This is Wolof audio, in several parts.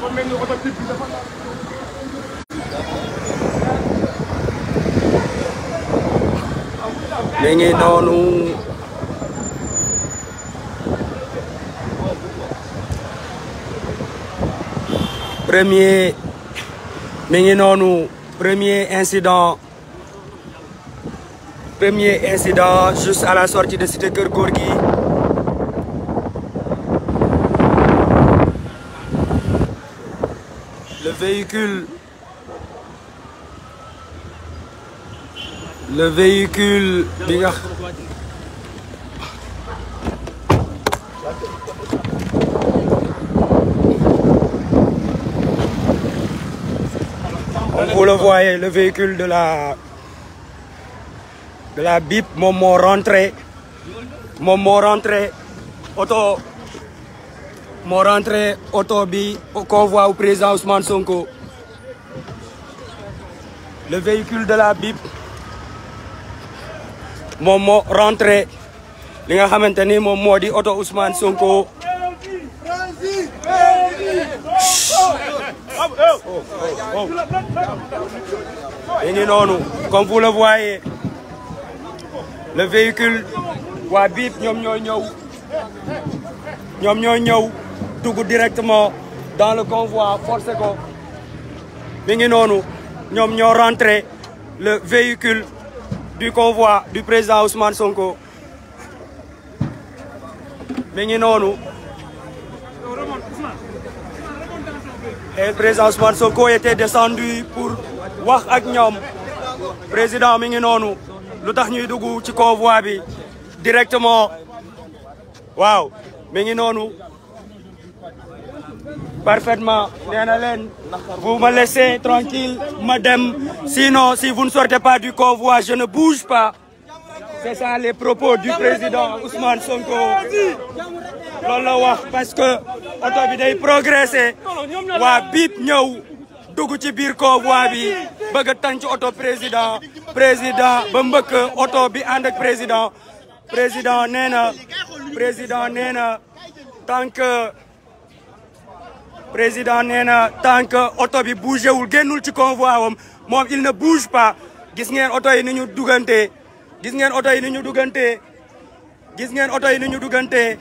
mi ngi noonu premier mi ngi noonu premier incident premier incident juste à la sortie de Cité Keur Gorgui le véhicule bi nga vous le voyez le véhicule de la la BIP moom moo rentré moom moo rentré oto moo rentré oto bi convoi au président Ousmane Sonko le véhicule de la BIP moom moo rentré li nga xamante ni moom moo di oto Ousmane Sonko mi ngi noonu comme vous le voyez le véhicule waa BIP ñoom ñoo ñëw ñoom ñoo ñëw dugg directement dans le convoi forcé ko mi ngi ñoom ñoo rentré le véhicule du convoi du président Ousmane Sonko mi ngi noonu et le président Ousmane Sonko était descendu pour wax ak ñoom président mi ngi lu tax ñuy dugg ci convoi bi directement waaw mi ngi parfaitement nee na leen vous me laissez tranquille ma sinon si vous ne sortez pas du convoi je ne bouge pas c'est ça les propos du président Ousmane Sonko loolu la parce que oto bi day progresser waa biip ñëw dugg ci biir convoi bi bëgg a oto président président ba mbëkk oto bi ànd ak président président nee na président nee que président nee na tant que oto bi bougé wul génnul ci convoi wam moom il na bouge pa gis ngeen oto yi ni ñu dugantee gis ngeen oto yi ni ñu dugantee gis ngeen oto yi ni ñu dugantee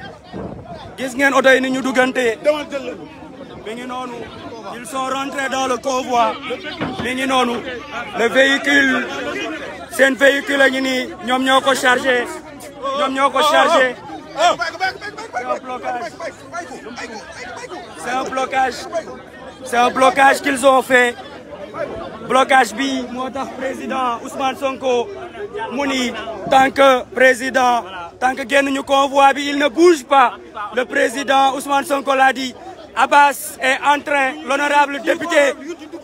gis ngeen oto yi ni ñu dugantee mi ngi noonu ils sont rentrés dans le convoi mi ngi noonu le véhicule seen véhicule a ngi nii ñoom ñoo ko chargé ñoom ñoo ko chargé C'est un blocage c'est un blocage qu'ils ont fait blocage bi moo tax président Ousmane Sonko mu tant que président tant que génnuñu convoi bi il ne bouge pas le président Ousmane Sonko l'a dit Abbas est en train l'honorable député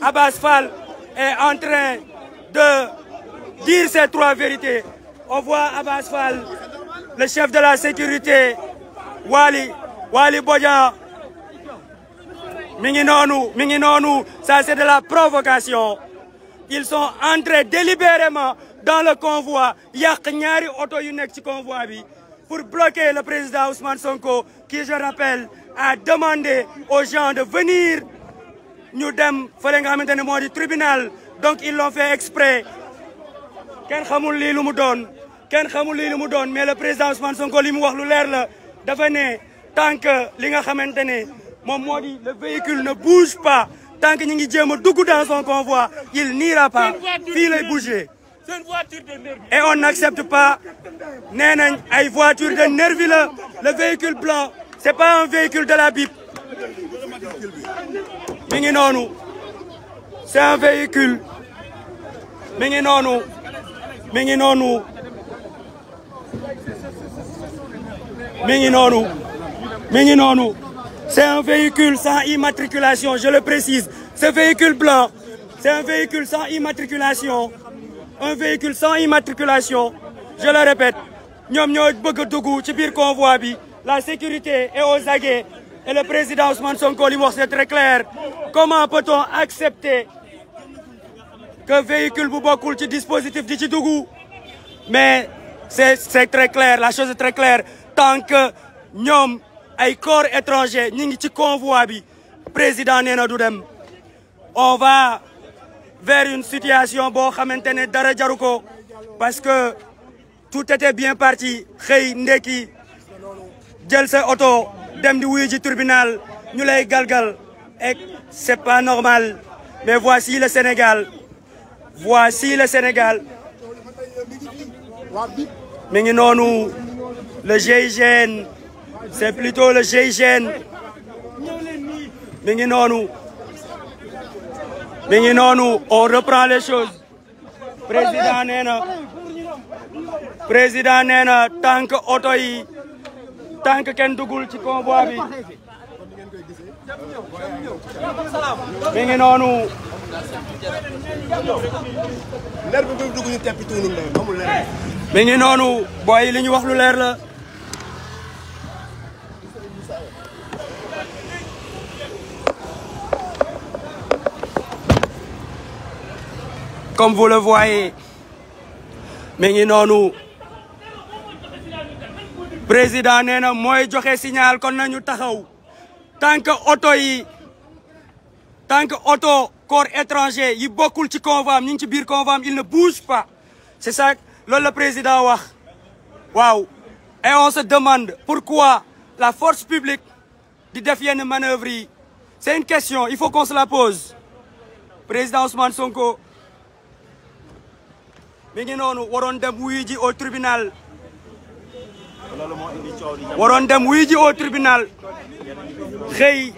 Abbas Fall est en train de dire ces trois vérités on voit Abbas Fall le chef de la sécurité Wali Wali Bodian mi ngi noonu mi ngi noonu ça c'est de la provocation ils sont entrés délibérément dans le convoi yàq ñaari oto yu nekk ci convoi bi pour bloquer le président Ousmane Sonko qui je rappelle a demandé aux gens de venir ñu dem fële nga xamante ne moo di tribunal donc ils l'ont fait exprès kenn xamul lii lu mu doon kenn xamul lii li mu doon mais le président Ousmane Sonko li mu wax lu leer la dafa ne tant que li nga xamante ne moom moo di le véhicule ne bouge pas tant que ñu ngi jéem a dugg dans son convoi il n'ira pas fii lay bouger et on n'accepte pas nee nañ ay voiture de nervi la le véhicule blanc c'est pas un véhicule de la BIP mi ngi noonu c'est un véhicule mi ngi noonu mi noonu mi ngi noonu c'est un véhicule sans immatriculation je le précise ce véhicule blanc c'est un véhicule sans immatriculation un véhicule sans immatriculation je le répète ñoom ñoo bëgg a dugg ci biir convoi bi la sécurité est aux aguets et le président Ousmane Sonko li mu wax c'est très clair comment peut-on accepter que véhicule bu bokkul ci dispositif di ci dugg mais c'est c'est très claire la chose est très claire tant que ñoom ay corps étrangers ñi ngi ci convoi bi président nee na du dem on va vers une situation boo xamante ne dara jaru ko parce que tout était bien parti xëy ndekki jël sa oto dem di wuyu tribunal ñu lay galgal et c'est pas normal mais voici le Sénégal voici le Sénégal mi noonu le GIGN c'est plutôt le GIGN mi ngi noonu mi ngi noonu on reprend les choses président nee na président nee na tant que oto kenn dugul ci convoi bi mi ngi noonu. mi wax lu leer la. comme vous le voyez mi ngi noonu président nee na mooy joxe signal kon nañu taxaw tant que oto yi tant que oto corps étranger yi bokkul ci convoi am ñu ngi ci biir convoi am il ne bouge pas c'est ça loolu la président wax waaw et on se demande pourquoi la force publique di def yenn manœuvre yi c'est une question il faut qu'on se la pose président Ousmane Sonko mi ngi noonu waroon dem wu ji au tribunal waroon dem wu ji au tribunal xëy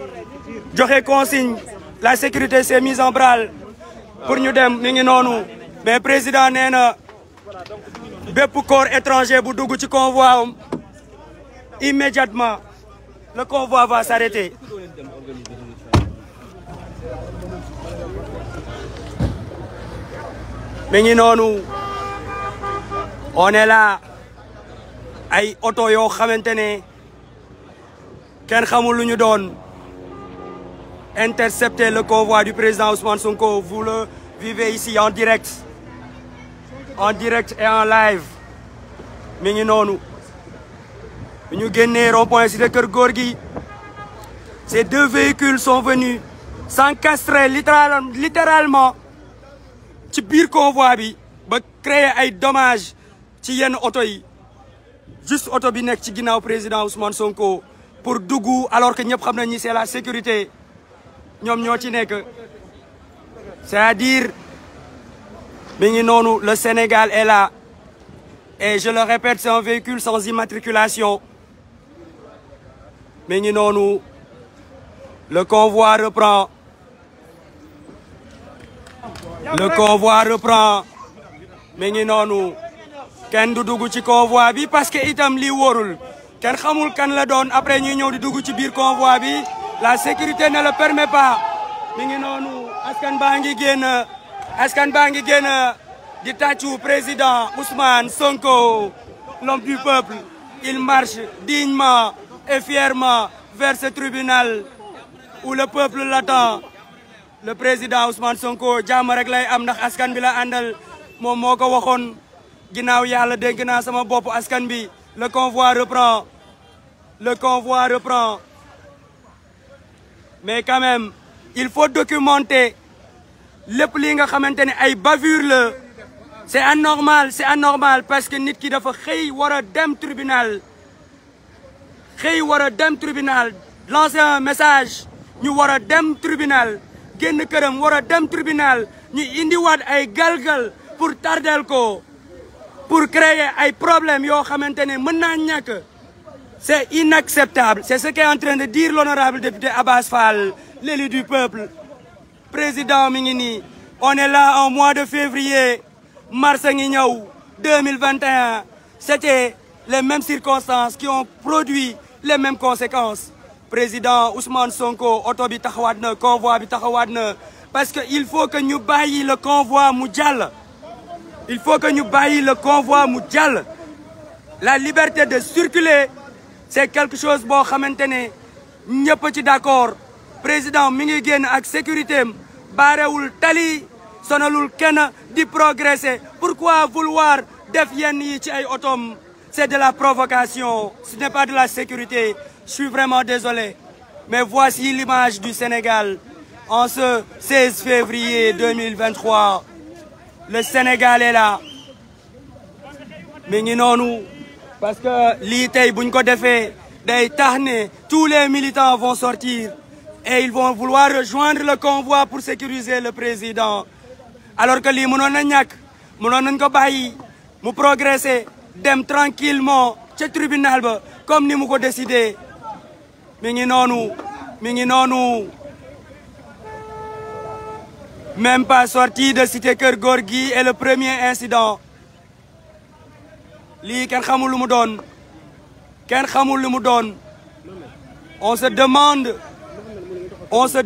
joxe consigne la sécurité s'est mise en branle ñu dem mi noonu mais président nee na bépp corps étranger bu dugg ci convoi am immédiatement le convoi va s'arrêter mi on est ay oto yoo xamante ne kenn xamul lu ñu doon intercepter le convoi du président Ousmane Sonko vous le vivez ici en direct en direct et en live mi ngi noonu ñu génnee rond-point cité Keur Gorgui ces deux véhicules sont venus s'encastrer littéralement ci biir convoi bi ba créer ay dommages ci yenn oto yi juste oto bi nekk ci ginnaaw président Ousmane Sonko pour dugg alors que ñëpp xam nañ ni c'est la sécurité ñoom ñoo ci nekk c'est-à-dire mi noonu le Sénégal est là et je le répète c'est un véhicule sans immatriculation mi noonu le convoi reprend le convoi reprend mi noonu kenn du dugg ci convoi bi parce que itam lii wóorul kenn xamul kan la doon après ñuy ñëw di dugg ci biir convoi bi la sécurité ne la permet pas mi ngi noonu askan baa ngi génn askan baa ngi génn di tàccu président Ousmane Sonko l'homme du peuple il marche dignement et fièrement vers ce tribunal où le peuple l'attend le président Ousmane Sonko jàmm rek lay am ndax askan bi la àndal moom moo ko waxoon ginnaaw yàlla dénk naa sama bopp askan bi le convoi reprend le convoi reprend mais quand même il faut documenter lépp li nga xamante ni ay bavure la c'est anormal c'est anormal parce que nit ki dafa xëy war a dem tribunal xëy war a dem tribunal lancer un message ñu war a dem tribunal génn këram war a dem tribunal ñu indiwaat ay galgal pour tardel ko pour créer ay problèmes yoo xamante ne mën naa ñàkk c'est inacceptable c'est ce qu'est en train de dire l'honorable député Abbas Fall l'élu du peuple président mi ngi nii on est là en mois de février mars a ngi ñëw 2021 c'était les mêmes circonstances qui ont produit les mêmes conséquences président Ousmane Sonko oto bi taxawaat na convoi bi taxawaat na parce que il faut que ñu bàyyi le convoi mu jàll il faut que ñu bàyyi le convoi mu jàll la liberté de circuler c'est quelque chose boo xamante ne ñëpp ci d'accord président mi ngi génn ak sécurité am baarewul tali sonalul kenn di progresser pourquoi vouloir def yenn yi ci ay otoom c'est de la provocation ce n'est pas de la sécurité je suis vraiment désolé mais voici l'image du Sénégal en ce 16 février 2023 le Sénégal est là mi noonu parce que lii tey buñ ko defee day tax ne tous les militants vont sortir et ils vont vouloir rejoindre le convoi pour sécuriser le président alors que lii mënoon na ñàkk mënoon nañ ko bàyyi mu progresser dem tranquillement ca tribunal ba comme ni mu ko décidé mi ngi noonu mi ngi noonu même pas sorti de cité Keur Gorgui et le premier incident lii kenn xamul lu mu doon kenn xamul lu mu doon on se demande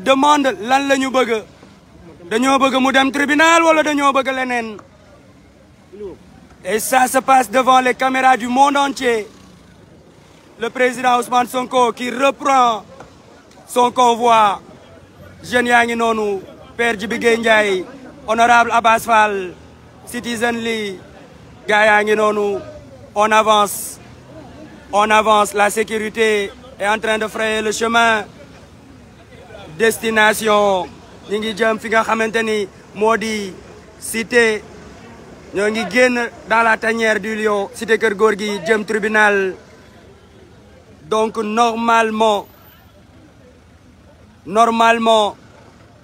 demande lan la ñu bëgg dañoo bëgg mu dem tribunal wala dañoo bëgg leneen et ça se passe devant les caméras du monde entier le président Ousmane Sonko qui reprend son convoi jeunes yaa ngi noonu Père Djibi Gueye Ndiaye honorable Abbas Fall Citizen Lee gaa yaa ngi noonu on avance on avance la sécurité est en de frayer le chemin destination ñi ngi jëm fi nga xamante ni moo di cité ñoo ngi génn dans la tanière du lion cité Kër Góor gi jëm tribunal donc normalement normalement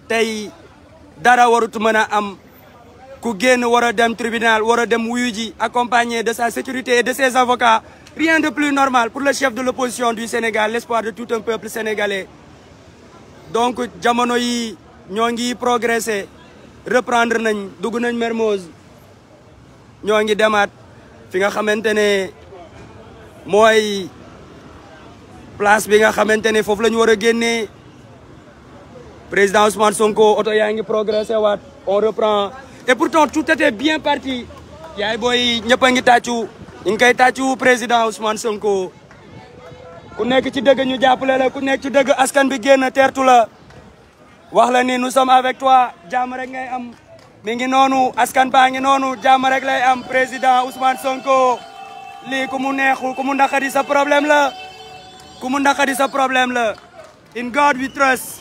tey dara warut mën a am ku génn war a dem tribunal war a dem wuyu ji accompagné de sa sécurité et de ses avocats rien de plus normal pour le chef de l'opposition du Sénégal l'espoir de tout un peuple sénégalais donc jamono yi ñoo ngi progresser reprendre nañ dugg nañ Mermoz ñoo ngi demaat fi nga xamante ne mooy place bi nga xamante ne foofu la ñu war a génnee président Ousmane Sonko oto yaa ngi progressé waat on reprend et pourtant tout était bien parti yaay booy ñëpp a ngi tàccu ñu ngi koy tàccu président Ousmane Sonko ku nekk ci dëgg ñu jàppale la ku nekk ci dëgg askan bi génn teertu la wax la ni nu sommes avec toi jàmm rek ngay am mi ngi noonu askan baa ngi noonu jàmm rek lay am président Ousmane Sonko lii ku mu neexu ku mu naqari sa problème la ku mu naqari sa la in God we trust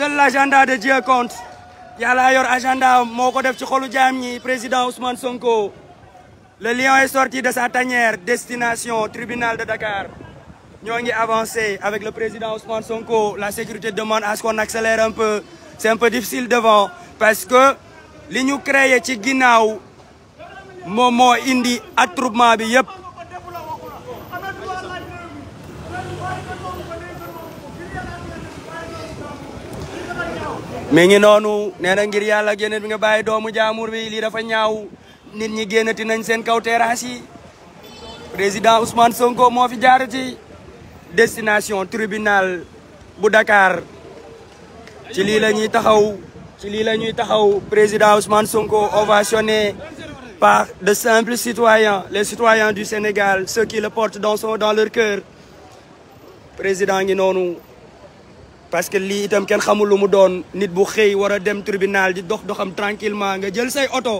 seul l'agenda de Dieu compte yàlla yor agenda moo ko def ci xolu jaam ñi président Ousmane Sonko le lion est sorti de sa tanière destination tribunal de Dakar ñoo ngi avancé avec le président Ousmane Sonko la sécurité demande à ce qu'on accélère un peu c'est un peu difficile devant parce que li ñu créé ci ginnaaw moom moo indi attroupement bi yëpp mi ngi noonu nee na ngir yàlla génn bi nga bàyyi doomu jaamur bi lii dafa ñaaw nit ñi génnati nañ seen kaw terrasse yi président Ousmane Sonko moo fi jaarati destination tribunal bu Dakar ci lii la ñuy taxaw lii la ñuy taxaw président Ousmane Sonko ovationné par de simples citoyens les citoyens du Sénégal ceux qui le portent dans dans leur cœur président ngi noonu parce que lii itam kenn xamul lu mu doon nit bu xëy war a dem tribunal di dox doxam tranquillement nga jël say oto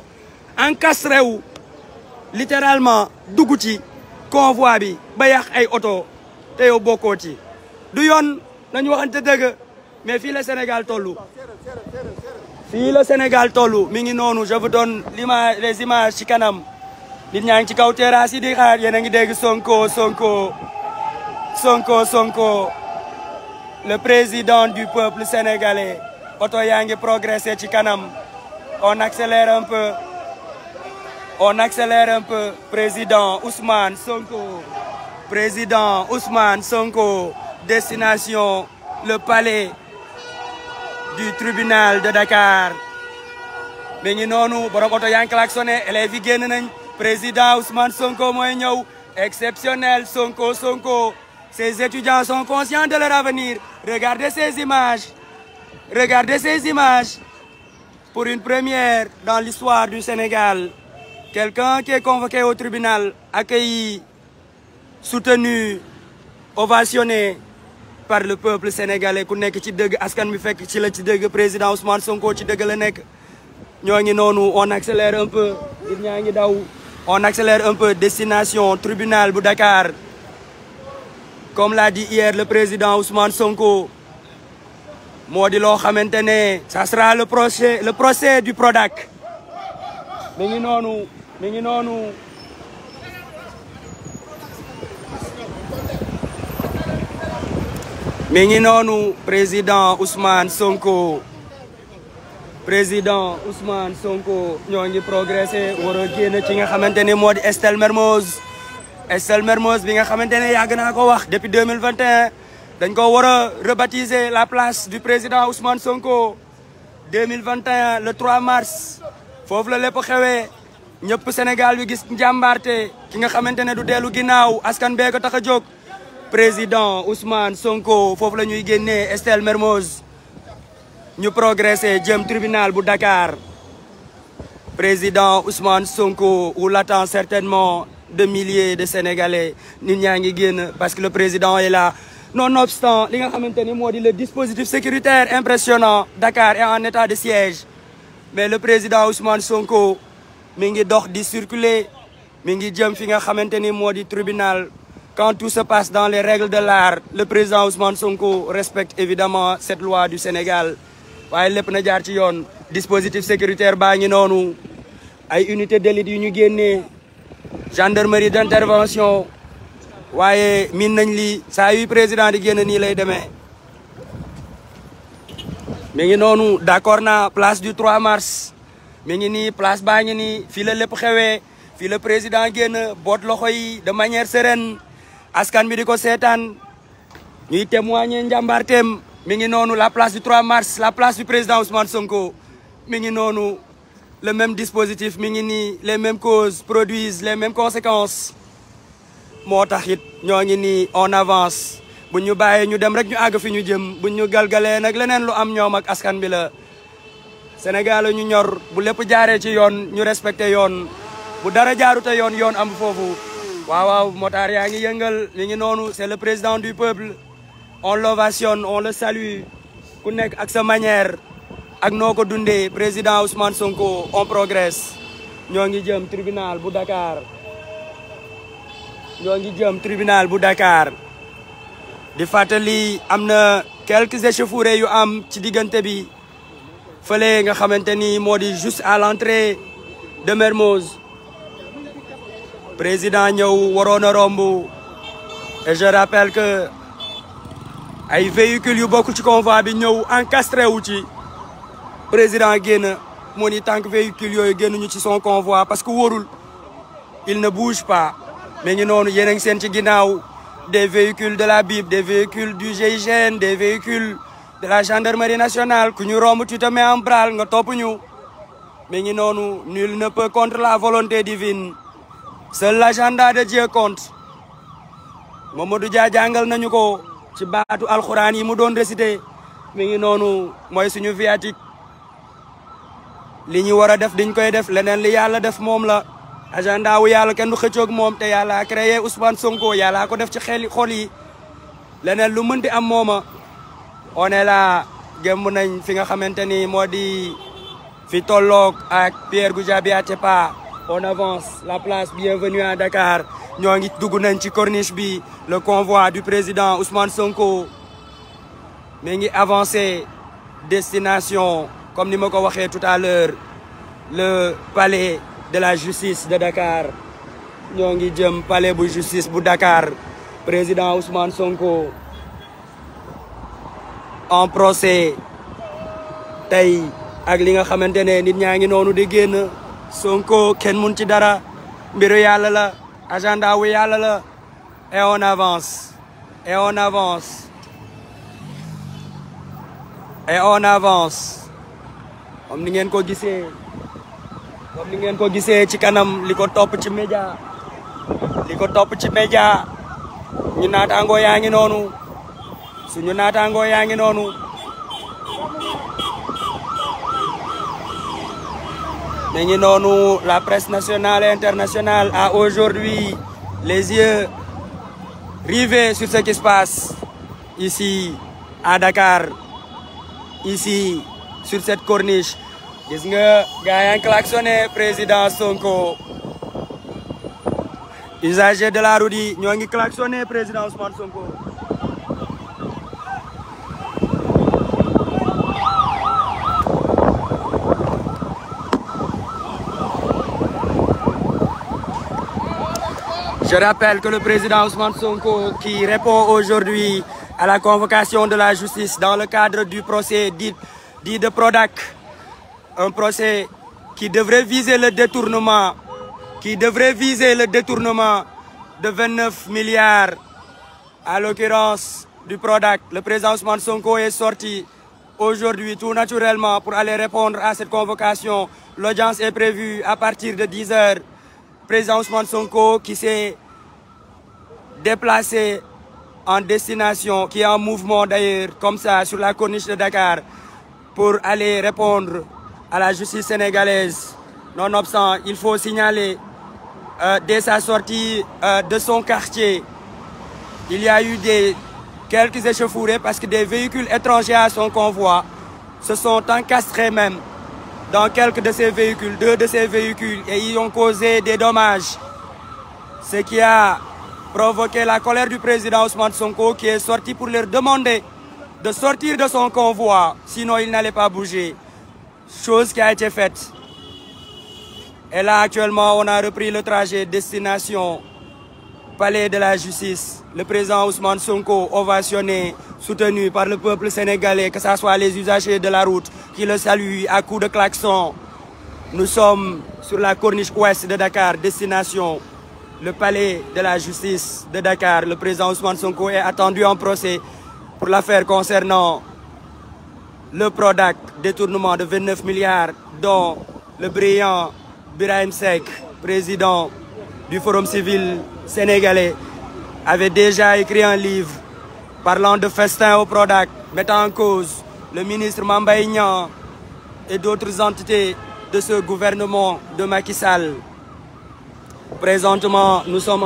encastré wu littéralement dugg ci convoi bi ba yàq ay oto te yow bokkoo ci du yoon nañu waxante dëgg mais fii la Sénégal tollu fii la Sénégal tollu mi ngi noonu je vous donne l'image les images ci kanam nit ñaa ngi ci kaw terrasse yi di xaar yéen a ngi dégg Sonko Sonko Sonko Sonko le président du peuple sénégalais oto yaa ngi progressé ci kanam on accélère un peu on accélère un peu président Ousmane Sonko président Ousmane Sonko destination le palais du tribunal de Dakar mi ngi noonu borom oto yaa ngi klaxonné élèves yi nañ président Ousmane Sonko mooy ñëw exceptionnel Sonko Sonko Ces étudiants sont conscients de leur avenir. Regardez ces images. Regardez ces images. Pour une première dans l'histoire du Sénégal, quelqu'un qui est convoqué au tribunal, accueilli, soutenu, ovationné par le peuple sénégalais ku nekk ci dëgg askan bi fekk ci la ci dëgg président Ousmane Sonko ci dëgg la nekk ñoo ngi noonu on accélère un peu ngi daw on accélère un peu destination tribunal bu Dakar comme l'a dit hier le président Ousmane Sonko moo di loo xamante ne ça sera le procès le procès du Prodac mi ngi noonu mi ngi noonu mi ngi noonu président Ousmane Sonko président Ousmane Sonko ñoo ngi progressé war a génn nga xamante ne moo di Estelle Mermoz Estelle Mermoz bi nga xamante ne yàgg naa ko wax depuis 2021 dañ ko war a rebaptiser la place du président Ousmane Sonko 2021 le 3 mars foofu la lépp xewee ñëpp Sénégal bi gis njàmbaarte ki nga xamante ne du dellu ginnaaw askan bee ko tax a jóg président Ousmane Sonko foofu la ñuy génnee Estelle Mermoz ñu progressé jëm tribunal bu Dakar président Ousmane Sonko où l'attend certainement de milliers de sénégalais nit ñaa ngi génn parce que le président est là nonobstant li nga xamante ni moo di le dispositif sécuritaire impressionnant Dakar est en état de siège mais le président Ousmane Sonko mi ngi dox di circuler mi ngi jëm fi nga xamante ni moo di tribunal quand tout se passe dans les règles de l'art le président Ousmane Sonko respecte évidemment cette loi du Sénégal waaye lépp na jaar ci yoon dispositif sécuritaire baa ngi noonu ay unité d'élite yu ñu génnee gendarmerie d'intervention waaye min nañ li saa yu président di génn nii lay demee mi ngi noonu d'accord na place du 3 mars mi ngi nii place baa ngi nii fii la lépp xewee fii la président génn boot loxo yi de manière sereine askan bi di ko seetaan ñuy témoigner njàmbaarteem mi ngi noonu la place du 3 mars la place du président Ousmane Sonko mi ngi noonu le même dispositif mi ngi nii les mêmes causes produisent les mêmes conséquences moo tax it ñoo ngi nii on avance bu ñu bàyyee ñu dem rek ñu àgg fi ñu jëm bu ñu galgalee nag leneen lu am ñoom ak askan bi la Sénégal ñu ñor bu lépp jaaree ci yoon ñu respecté yoon bu dara jaarute yoon yoon am foofu waaw waaw motaar yaa ngi yëngal mi ngi noonu c'est le président du peuple on l'ovationne on le salue ku nekk ak sa manière ak noo ko dundee président Ousmane Sonko on progresse ñoo ngi jëm tribunal bu Dakar ñoo ngi jëm tribunal bu Dakar di fàttali am na quelques échauffourées yu am ci diggante bi fale nga xamante ni moo di juste à l'entrée de Mermoz président ñëw waroon a romb et je rappelle que ay véhicules yu bokk ci convoi bi ñëw encastré wu ci président génn moo ni tant que véhicule yooyu génuñu ci son convoi parce que wóorul il ne bouge pas mais ngi noonu yéen a ngi seen ci ginnaaw des véhicules de la BIP des véhicules du GIGN des véhicules de la gendarmerie nationale ku ñu romb tu te mets en branle nga topp ñu mais ngi noonu nul ne peut contre la volonté divine seul l'agenda de Dieu compte Mamadou Dia jàngal nañu ko ci baatu alxuraan yi mu doon récité mi ngi noonu mooy suñu viatique li ñu war a def diñ koy def leneen li yàlla def moom la agenda wu yàlla kenn du xëccoog moom te yàlla créé Ousmane Sonko yàlla ko def ci xel xol yi leneen lu mën di am mooma on est là nañ fi nga xamante ni moo di fi tolloog ak Pierre Goudiaby Atepa on avance la place bienvenue à Dakar ñoo ngi dugg nañ ci corniche bi le convoi du président Ousmane Sonko mi ngi avancé destination comme ni ma ko waxee tout à l'heure le palais de la justice de Dakar ñoo ngi jëm palais bu justice bu Dakar président Ousmane Sonko en procès tey ak li nga xamante ne nit ñaa ngi noonu di génn Sonko kenn mun ci dara mbiru yàlla la agenda wu yàlla et on avance et on avance et on avance comme ni ngeen ko gisee ni ngeen ko gisee ci kanam li ko topp ci média li ko topp ci média ñu naataangoo yaa ngi noonu suñu naataangoo yaa ngi noonu ñu ngi noonu la presse nationale et internationale a aujourd'hui les yeux rivés sur ce qui se ici à Dakar ici sur cette corniche gis nga gars yaa ngi klaxonné président Sonko usagers de la route yi ñoo ngi klaxonné président Ousmane Sonko Je rappelle que le président Ousmane Sonko, qui répond aujourd'hui à la convocation de la justice dans le cadre du procès dit dit de Prodac, un procès qui devrait viser le détournement, qui devrait viser le détournement de 29 milliards, à l'occurrence du Prodac. Le président Ousmane Sonko est sorti aujourd'hui tout naturellement pour aller répondre à cette convocation. L'audience est prévue à partir de 10 heures. Président Sonko qui s'est déplacé en destination, qui mouvement d'ailleurs, comme la corniche de Dakar. pour aller répondre à la justice sénégalaise. Nonobstant, il faut signaler euh, dès sa sortie euh, de son quartier, il y a eu des, quelques échauffourées parce que des véhicules étrangers à son convoi se sont encastrés même dans quelques de ces véhicules, deux de ces véhicules, et y ont causé des dommages. Ce qui a provoqué la colère du président Ousmane Sonko qui est sorti pour leur demander de sortir de son convoi, sinon il n'allait pas bouger. Chose qui a été faite. Et là, actuellement, on a repris le trajet destination Palais de la Justice. Le président Ousmane Sonko, ovationné, soutenu par le peuple sénégalais, que ce soit les usagers de la route qui le saluent à coups de klaxon. Nous sommes sur la corniche ouest de Dakar, destination le Palais de la Justice de Dakar. Le président Ousmane Sonko est attendu en procès pour l'affaire concernant le Prodac, détournement de 29 milliards, dont le brillant Birahim Sek, président du Forum civil sénégalais, avait déjà écrit un livre de festin Prodac, mettant en le ministre Mambaïnian et d'autres entités de ce de Macky Sall. Présentement, nous sommes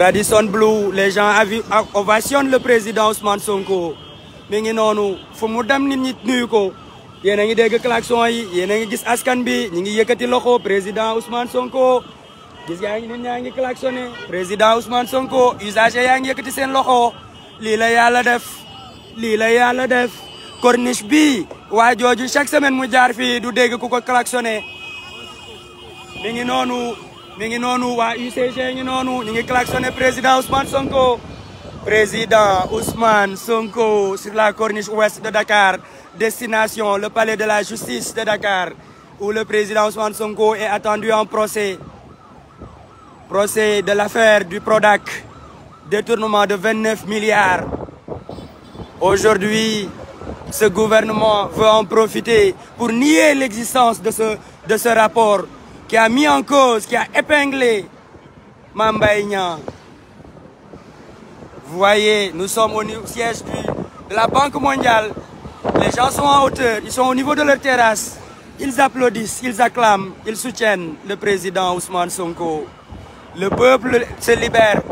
Radisson Blu les gens ovationnent le président Ousmane Sonko mi ngi noonu fu mu dem nit ñi nuyu ko yéen a ngi dégg klaxon yi yéen a ngi gis askan bi ñi ngi yëkkati loxo président Ousmane Sonko gis yaa ngi nit ñaa ngi klaxonné président Ousmane Sonko usager yaa ngi yëkkati seen loxo lii la yàlla def lii la yàlla def corniche bi waa jooju chaque semaine mu jaar fi du dégg ku ko klaxonné mi ngi noonu mi ngi noonu waa UCG ngi noonu ñu ngi klaxonné président Ousmane Sonko président Ousmane Sonko la corniche ouest de Dakar le palais de la justice de Dakar le président Ousmane Sonko est attendu en procès procès de l'affaire du Prodac détournement de 29 milliards aujourd'hui ce gouvernement veut en pour nier l'existence de de rapport qui a mis en cause, qui a épinglé Mambaïnian. Vous voyez, nous sommes au siège de la Banque mondiale. Les gens sont en hauteur, ils sont au niveau de leur terrasse. Ils applaudissent, ils soutiennent le président Ousmane Sonko. Le peuple se libère.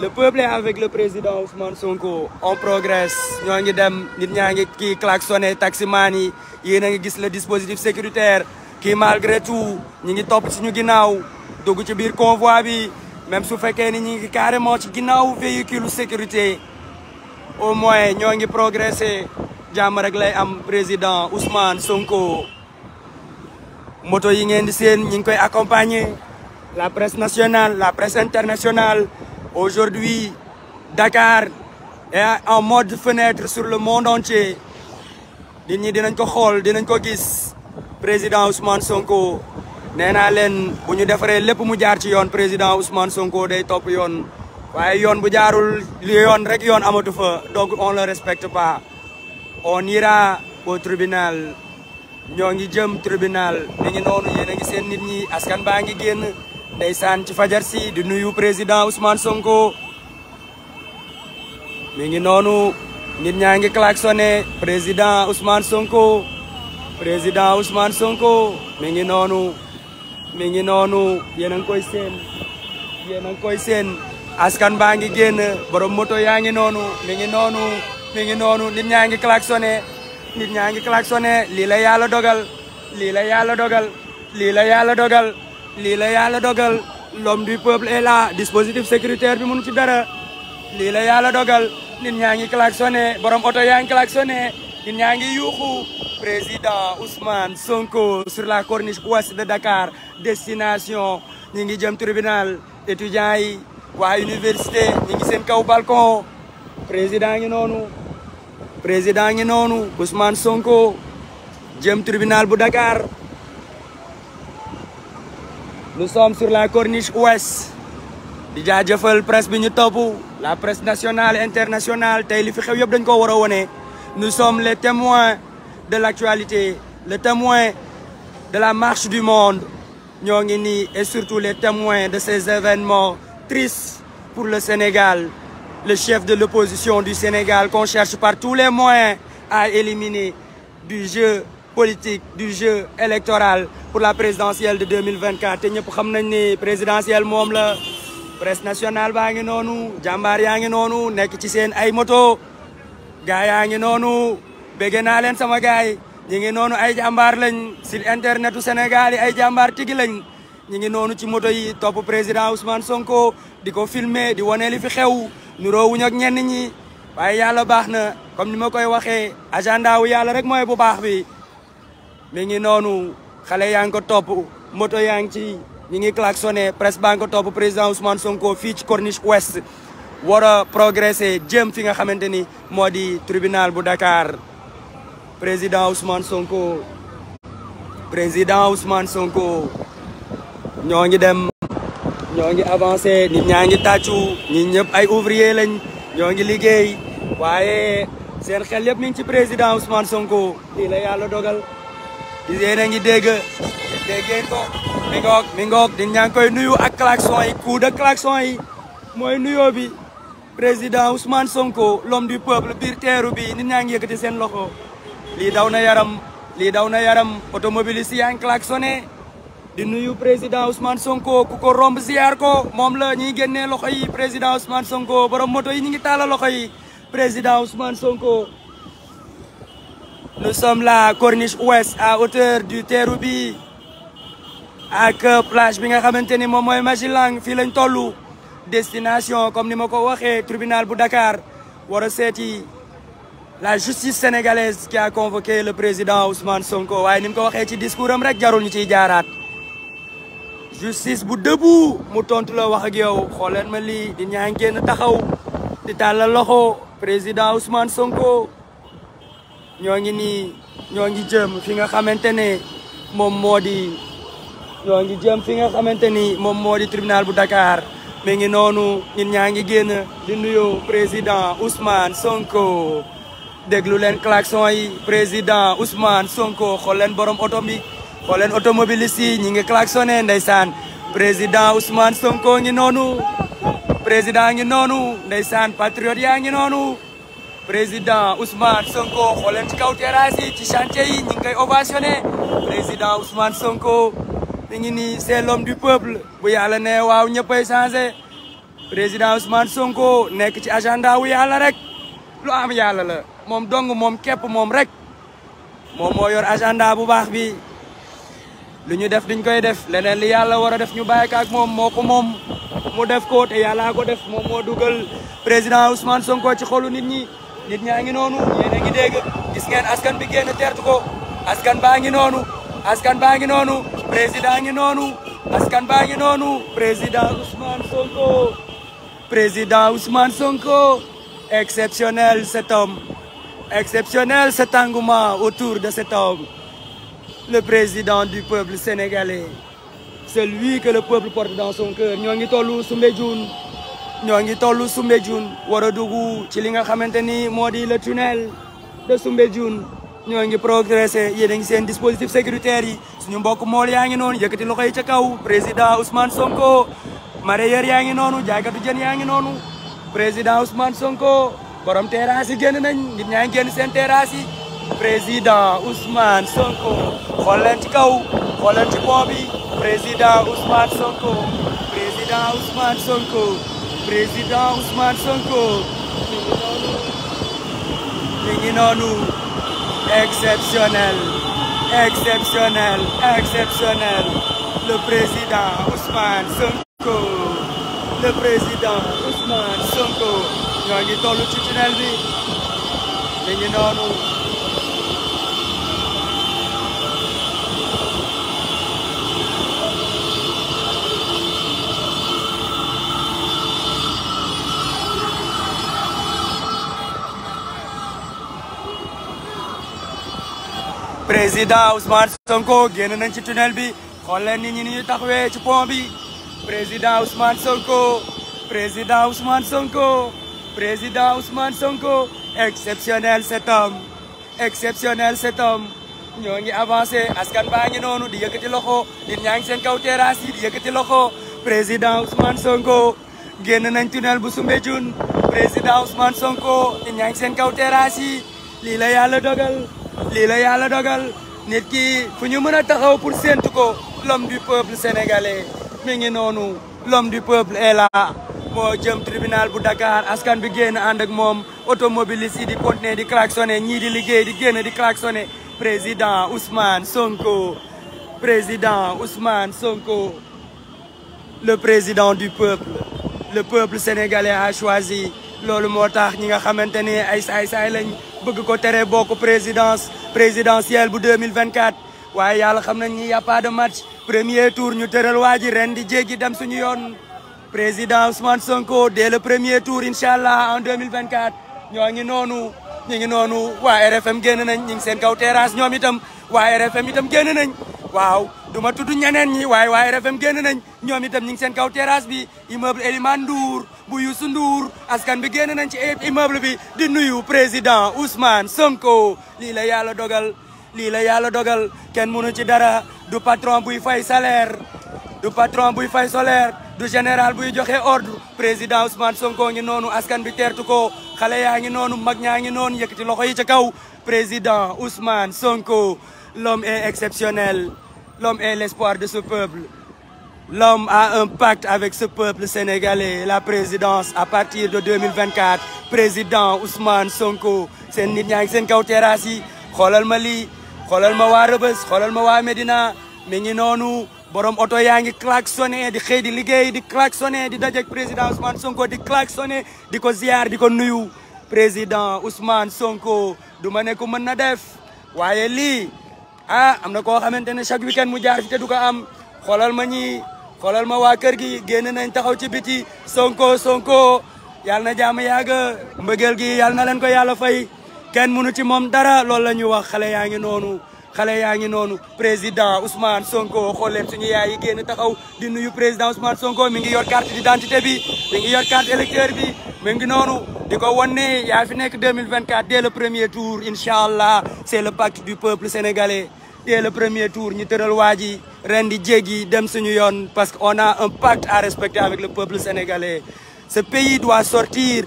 Le peuple est avec le président Ousmane Sonko. On progresse. Nous avons des gens qui klaxonnent, taximani. Nous avons le dispositif sécuritaire. kii malgré tout ñi ngi topp suñu ginnaaw dugg ci biir convoi bi même su fekkee ni ñi ngi carrément ci ginnaaw véhicule sécurité au moins ñoo ngi progressé jàmm rek lay am président Ousmane Sonko. moto yi ngeen di seen ñi ngi koy accompagner la presse nationale la presse internationale aujourd'hui Dakar est en mode fenêtre sur le monde entier nit ñi dinañ ko xool dinañ ko gis. président Ousmane Sonko nee naa leen bu ñu defaree lépp mu jaar ci yoon président Ousmane Sonko day topp yoon waaye yoon bu jaarul yoon rek yoon amatu fa donc on le respecte pas on ira au tribunal ñoo ngi jëm tribunal mi ngi noonu yéen a ngi seen nit ñi askan baa ngi génn ndeysaan ci fajar si di nuyu président Ousmane Sonko mi ngi noonu nit ñaa ngi klaxonné président Ousmane Sonko président Ousmane Sonko mi ngi noonu mi ngi noonu yéen a ngi koy seen yéen a ngi koy seen askan baa ngi génn borom moto yaa ngi noonu mi ngi noonu mi ngi noonu nit ñaa ngi klaxonné nit ñaa ngi klaxonné lii la yàlla dogal lii la yàlla dogal lii la yàlla dogal lii la yàlla dogal l'homme du peuple est là dispositif sécuritaire bi munu ci dara lii la yàlla dogal nit ñaa ngi klaxonné borom oto yaa ngi klaxonné ñun ñaa ngi yuuxu président Ousmane Sonko sur la corniche ouest de Dakar destination ñu ngi jëm tribunal étudiants yi waa université ñi ngi seen kaw balkon président ngi noonu président ngi noonu Sonko jëm tribunal bu Dakar nous sommes sur la corniche ouest di jaajëfal presse bi ñu topp la presse nationale internationale tey li fi xew yëpp dañ ko war a wone Nous sommes les témoins de l'actualité, les témoins de la marche du monde ñoo ngi nii et surtout les témoins de ces événements tristes pour le Sénégal. Le chef de l'opposition du Sénégal qu'on par tous les moyens à du jeu politique, du jeu électoral pour la présidentielle de 2024 te ñëpp xam nañ ni présidentielle moom la presse baa ngi noonu jàmbaar yaa ngi noonu nekk ci seen ay moto gaa yaa ngi noonu bége naa leen sama gaay ñi ngi noonu ay jàmbaar lañ si internetu Sénégal y ay jàmbaar tigi lañ ñi ngi noonu ci moto yi topp président Ousmane Sonko di ko filme di wane li fi xew nuroowuñ ak ñenn ñi waaye yàlla baax na comme ni ma koy waxee agenda wu yàlla rek mooy bu baax bi mi ngi noonu xale yaa ngi ko topp moto yaa ngi ci ñi ngi klaxonné presse baa ngi ko topp président Ousmane Sonko fii ci corniche ouest war a progresser jëm fi nga xamante ni moo di tribunal bu Dakar président Ousmane Sonko président Ousmane Sonko ñoo ngi dem ñoo ngi avancé ni ñaa ngi tàccu ñi ñëpp ay ouvrier lañ ñoo ngi liggéey waaye seen xel yëpp mi ngi ci président Ousmane Sonko lii la dogal yéen a ngi dégg déggeen ko mi ngoog mi ngoog ñaa ngi koy nuyu ak klaxon yi coup de klaxon yi mooy nuyoo bi président Ousmane Sonko l'homme du peuple biir teeru bi nit ñaa ngi yëkkati seen loxo lii daw na yaram lii daw na yaram automobiliste yaa ngi klaxonné di nuyu président Ousmane Sonko ku ko romb ziar ko moom la ñuy génnee loxo yi président Ousmane Sonko borom moto yi ñu ngi taala loxo yi président Ousmane Sonko. nous sommes là corniche ouest à hauteur du Terrou-Bi ak plage bi nga xamante ni moom mooy Majilang fii lañ tollu destination comme ni ma ko waxee tribunal bu Dakar war a seeti la justice sénégalaise qui a convoqué le président Ousmane Sonko waaye ni mu ko waxee ci discours am rek jarul ñu ciy jaaraat. justice bu debout mu tontu la wax ak yow xooleen ma lii di ñaan génn taxaw di tàllal loxo président Ousmane Sonko ñoo ngi nii ñoo ngi jëm fi nga xamante ne moom moo di ñoo ngi jëm fi nga xamante ni moom moo di tribunal bu Dakar. mi ngi noonu ñun ñaa ngi génn di nuyu président Ousmane Sonko déglu leen klaxon yi président Ousmane Sonko xool leen borom oto bi xool leen automobiliste yi ñi ngi klaxonné saan président Ousmane Sonko ngi noonu président ngi noonu ndeysaan patriote yaa ngi noonu président Ousmane Sonko xool leen ci kaw terrasse yi ci chantier yi ñi ngi koy président Ousmane Sonko ñu ngi nii c'est l'homme du peuple bu yàlla ne waaw ñëppay changé président Ousmane Sonko nekk ci agenda wu yàlla rek lu am yàlla la moom dong moom képp moom rek moom moo yor agenda bu baax bi lu ñu def duñ koy def leneen li yàlla war a def ñu bàyyi ko moom moo ko moom mu def ko te yàllaa ko def moom moo dugal président Ousmane Sonko ci xolu nit ñi nit ñaa ngi noonu yéen a ngi dégg gis ngeen askan bi génn tertu ko askan baa ngi noonu askan baa ngi noonu président ngi noonu askan baa ngi noonu président Ousmane Sonko président Ousmane Sonko exceptionnel cet homme exceptionnel cet engouement autour de cet homme le président du peuple sénégalais celui que le peuple porte dans son cœur ñoo ngi tollu Soumbédioune ñoo ngi tollu Soumbédioune war a dugg ci li nga xamante ni moo di le tunnel de Soumbédioune ñoo ngi progressé yéen a ngi seen dispositif sécuritaire yi suñu mbokk mool yaa ngi noonu yëkkati loxo yi ca kaw président Ousmane Sonko mareyeur yaa ngi noonu jaaykatu jën yaa ngi noonu président Ousmane Sonko borom terrasse yi génn nañ nit ñaa ngi génn seen terrasse yi président Ousmane Sonko xool leen ci kaw xool leen ci pont bi président Ousmane Sonko président Ousmane Sonko président Ousmane Sonko exceptionnel exceptionnel exceptionnel le président Ousmane Sonko le président Ousmane Sonko ñoo ngi tollu ci tunnel bi mi ngi noonu président Ousmane Sonko génn nañ ci tunnel bi xool ni ñi ni ñu taxawee ci pont bi président Ousmane Sonko président Ousmane Sonko président Ousmane Sonko exceptionnel cet homme exceptionnel cet homme ñoo ngi avancé askan baa ngi noonu di yëkkati loxo nit ñaa ngi seen kaw terrasse yi di yëkkati loxo président Ousmane Sonko génn nañ tunnel bu Soumbédioune président Ousmane Sonko nit ñaa kaw terrasse yi lii la dogal. lii la yàlla dogal nit ki fu ñu mën a taxaw pour séentu ko l'homme du peuple sénégalais mi ngi noonu l'homme du peuple est là moo jëm tribunal bu Dakar askan bi génn ànd ak moom automobiliste yi di continuer di klaxonné ñii di liggéey di génn di klaxonné président Ousmane Sonko président Ousmane Sonko le président du peuple le peuple sénégalais a choisi loolu moo tax ñi nga xamante ni ay saay-saay lañ bëgg ko tere bokk présidence présidentielle bu 2024 waaye yàlla xam nañ ni y a pas de match premier tour ñu tëral waa ji ren di jéggi dem suñu yoon président Ousmane Sonko le premier tour incha allah en 2024 ñoo ngi noonu ñu ngi noonu waa RFM génn nañ ñu seen kaw terrasse ñoom itam waa RFM itam génn nañ waaw du ma tudd ñeneen ñi waaye waa RFM génn nañ ñoom itam ñu seen kaw terrasse bi immeuble Elimane Ndour bu Youssou Ndour askan bi génn nañ ci immeuble bi di nuyu président Ousmane Sonko lii la yàlla dogal lii la yàlla dogal kenn mënu ci dara du patron buy fay salaire du patron buy fay salaire du général buy joxe ordre président Ousmane Sonko ngi noonu askan bi teertu ko xale yaa ngi noonu mag ñaa ngi noonu yëkkati loxo yi ci kaw président Ousmane Sonko l'homme est exceptionnel l'homme est l'espoir de ce peuple L'homme a un pacte avec ce peuple sénégalais la présidence à partir de 2024 président Ousmane Sonko seen nit ñaa ngi seen kaw terrasse yi xoolal ma lii xoolal ma waa Rëbës xoolal ma waa Medina mi ngi noonu borom oto yaa ngi klaxonné di xëy di liggéey di sonné di dajeek président Ousmane Sonko di klaxonné di ko ziar di ko nuyu président Ousmane Sonko du ma ne ko mën na def waaye lii ah am na koo xamante ne chaque week mu jaar fi te du ko am xoolal ma ñi xoolal ma waa kër gi génn nañ taxaw ci biti sonko sonko yàlla na jàmm yàgg mbëggeel gi yàlla na leen ko yàlla fay kenn mënu ci moom dara loolu la ñuy wax xale yaa ngi noonu xale yaa ngi noonu président Ousmane Sonko xool leen suñu yaay yi génn taxaw di nuyu président Ousmane Sonko mi ngi yor carte d'identité bi mi ngi yor carte électeur bi mi ngi noonu di ko wan ne yaa fi nekk 2024 dès le premier tour incha allah c'est le pacte du peuple sénégalais dès le premier tour ñu tëral waa ji ren di jéggi dem suñu yoon parce que on a un pacte à respecter avec le peuple sénégalais ce pays doit sortir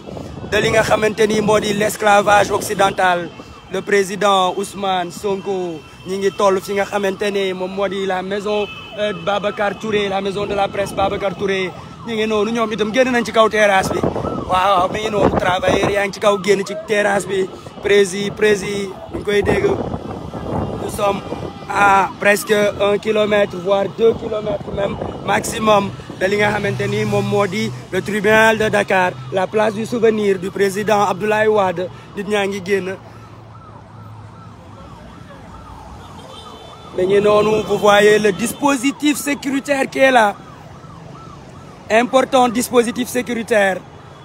de li nga xamante ni moo di l'esclavage occidental le président Ousmane Sonko ñi ngi toll fi nga xamante ne moom moo di la maison euh, Babacar Touré la maison de la presse Babacar Touré ñi ngi noonu ñoom itam génn nañ ci kaw terrasse bi waaw mi no noonu travailleur y ngi ci kaw génn ci terrasse bi prési prési ñu koy dégg à presque un kilomètre voire deux kilomètres même maximum de li nga xamante ni moom moo di le tribunal de Dakar la place du souvenir du président Abdoulaye Wade nit ñaa ngi génn mais ñu noonu vous voyez le dispositif sécuritaire qui est là important dispositif sécuritaire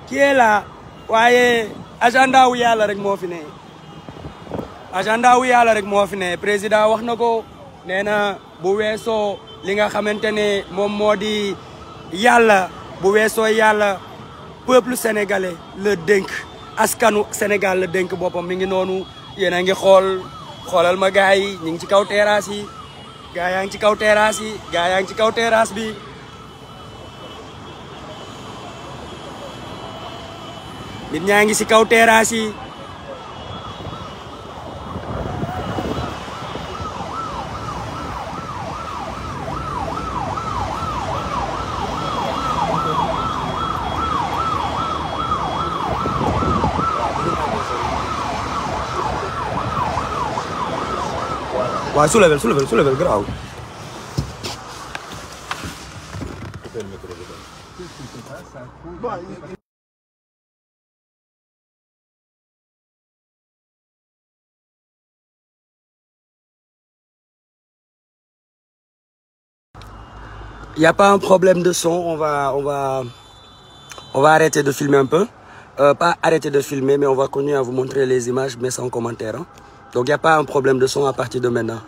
qui est là waaye agenda wu yàlla rek moo fi agenda wu yàlla rek moo fi ne président wax na ko nee na bu weesoo li nga xamante ne moom moo di yàlla bu weesoo yàlla peuple sénégalais la dénk askanu Sénégal la dénk boppam mi ngi noonu yéen a ngi xool xoolal ma gars yi ñu ngi ci kaw terrasse yi gars yaa ngi ci kaw terrasse yi gars yaa ngi ci kaw terrasse bi nit ñaa ngi ci kaw terrasse yi waaw Il n'y a pas un problème de son, on va, on va, on va arrêter de filmer un peu. Euh, pas arrêter de filmer, mais on va continuer à vous montrer les images, mais sans commentaire. Hein. Donc il n'y a pas un problème de son à partir de maintenant.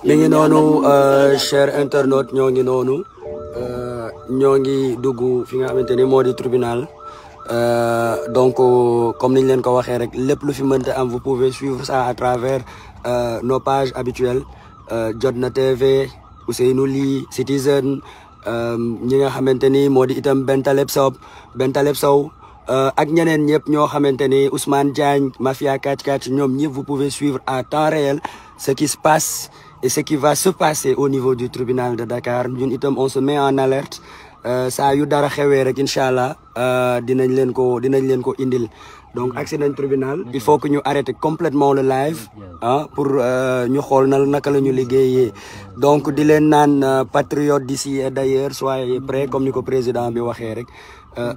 mi ngi noonu euh, cher internaute ñoo ngi noonu euh, ñoo ngi dugg fi nga xamante ni moo di tribunal euh, donc comme niñ leen ko waxee rek lépp lu fi mënta am vous pouvez suivre ça à travers nos pages habituelles Jotna TV Ousseynou Ly Citizen ñi nga xamante ni moo di itam Bentaleb Sow Bentaleb Sow ak ñeneen ñëpp ñoo xamante ni Ousmane Diagne Mafia 4 4 ñoom ñëpp vous pouvez suivre à temps réel ce qui se passe et ce qui va se passer au niveau du tribunal de Dakar ñun itam on se met en alerte euh, saa yu dara xewee rek incha allah euh, dinañ leen ko dinañ leen ko indil donc agsi nañ tribunal il faut que ñu arrêter complètement le live ah pour euh, ñu xool na naka la ñu liggéeyee donc di leen naan patriote d'ici et d'ailleurs soyez prêts comme ni ko président bi waxee rek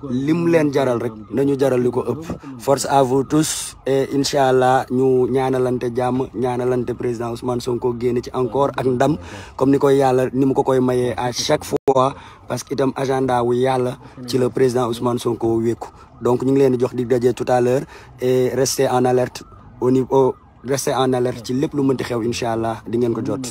lim leen jaral rek nañu jaral li ko ëpp force à vous tous et incha allah ñu ñaanalante jàmm lante président Ousmane Sonko génn ci encore ak ndam comme ni koy yàlla ni mu ko koy mayee a chaque fois parce que itam agenda wu yàlla ci le président Ousmane Sonko wékku donc ñu ngi leen di jox di daje tout à l'heure et rester en alerte au niveau rester en alerte ci lépp lu mënti xew incha allah di ngeen ko jot.